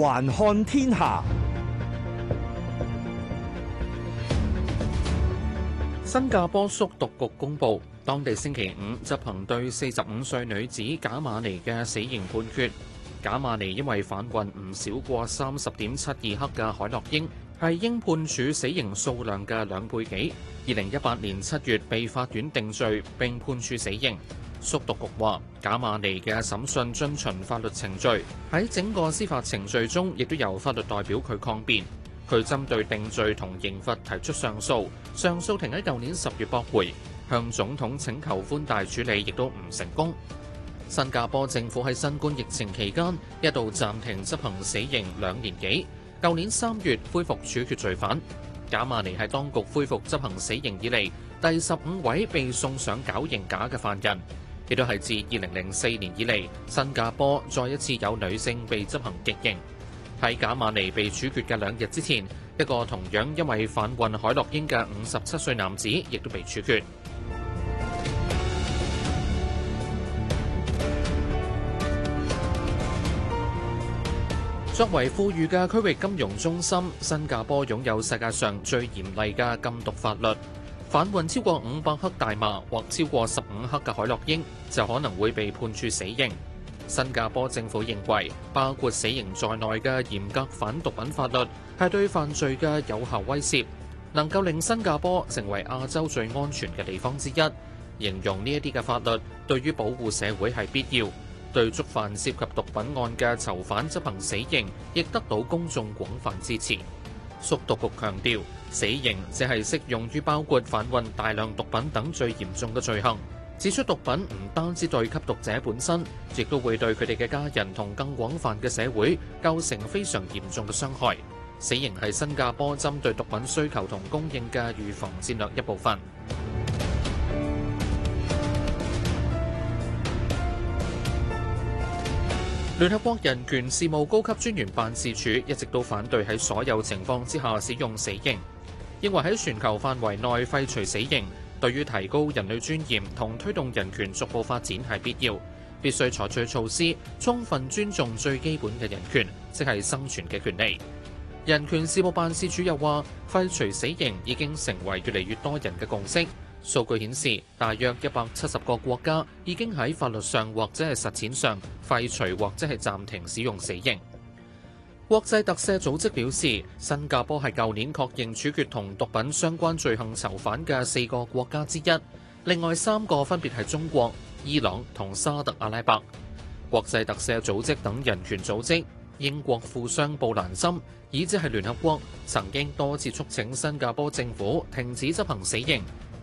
環看天下，新加坡肅毒局公布，當地星期五執行對四十五歲女子賈馬尼嘅死刑判決。賈馬尼因為販運唔少過三十點七二克嘅海洛英，係應判處死刑數量嘅兩倍幾。二零一八年七月被法院定罪，並判處死刑。肅毒局話，賈馬尼嘅審訊遵循法律程序，喺整個司法程序中，亦都由法律代表佢抗辯。佢針對定罪同刑罰提出上訴，上訴庭喺舊年十月駁回，向總統請求寬大處理，亦都唔成功。新加坡政府喺新冠疫情期間一度暫停執行死刑兩年幾，舊年三月恢復處決罪犯。賈馬尼係當局恢復執行死刑以嚟第十五位被送上絞刑架嘅犯人。亦都係自二零零四年以嚟，新加坡再一次有女性被執行極刑。喺賈馬尼被處決嘅兩日之前，一個同樣因為販運海洛英嘅五十七歲男子亦都被處決。作為富裕嘅區域金融中心，新加坡擁有世界上最嚴厲嘅禁毒法律。販運超過五百克大麻或超過十五克的海洛英就可能會被判處死刑。新加坡政府認為包括死刑在內的嚴格反毒品法律是對犯罪的有效威脅，能夠令新加坡成為亞洲最安全的地方之一，形容呢一啲的法律對於保護社會是必要對觸犯涉及毒品案的囚犯執行死刑也得到公眾廣泛支持。禁毒局強調，死刑只係適用於包括販運大量毒品等最嚴重嘅罪行，指出毒品唔單只對吸毒者本身，亦都會對佢哋嘅家人同更廣泛嘅社會構成非常嚴重嘅傷害。死刑係新加坡針對毒品需求同供應嘅預防戰略一部分。聯合國人權事務高級專員辦事處一直都反對喺所有情況之下使用死刑，認為喺全球範圍內廢除死刑對於提高人類尊嚴同推動人權逐步發展係必要，必須採取措施，充分尊重最基本嘅人權，即係生存嘅權利。人權事務辦事處又話，廢除死刑已經成為越嚟越多人嘅共識。數據顯示，大約一百七十個國家已經喺法律上或者係實踐上廢除或者係暫停使用死刑。國際特赦組織表示，新加坡係舊年確認處決同毒品相關罪行囚犯嘅四個國家之一，另外三個分別係中國、伊朗同沙特阿拉伯。國際特赦組織等人權組織、英國富商布蘭森，以至係聯合國，曾經多次促請新加坡政府停止執行死刑。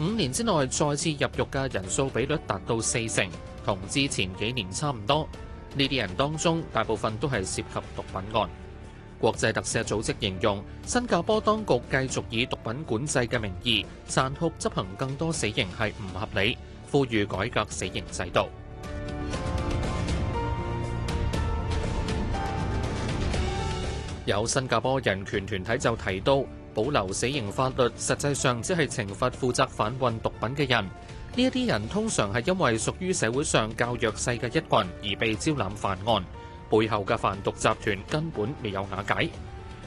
五年之內再次入獄嘅人數比率達到四成，同之前幾年差唔多。呢啲人當中，大部分都係涉及毒品案。國際特赦組織形容，新加坡當局繼續以毒品管制嘅名義殘酷執行更多死刑係唔合理，呼籲改革死刑制度。 有新加坡人權團體就提到。保留死刑法律，實際上只係懲罰負責販運毒品嘅人。呢一啲人通常係因為屬於社會上較弱勢嘅一羣，而被招攬犯案。背後嘅販毒集團根本未有瓦解。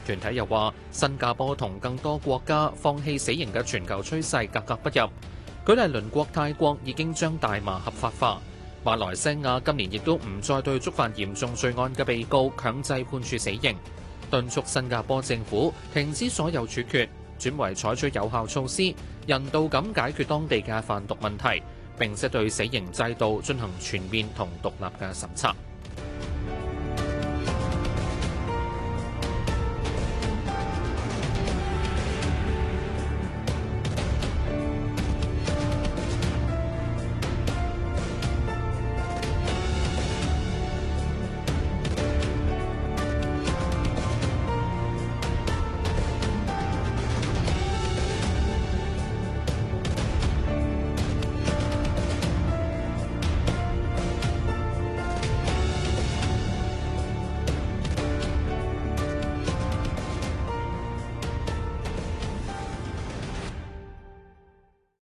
團體又話，新加坡同更多國家放棄死刑嘅全球趨勢格格不入。舉例鄰國泰國已經將大麻合法化，馬來西亞今年亦都唔再對觸犯嚴重罪案嘅被告強制判處死刑。敦促新加坡政府停止所有處決，轉為採取有效措施，人道咁解決當地嘅販毒問題，並且對死刑制度進行全面同獨立嘅審查。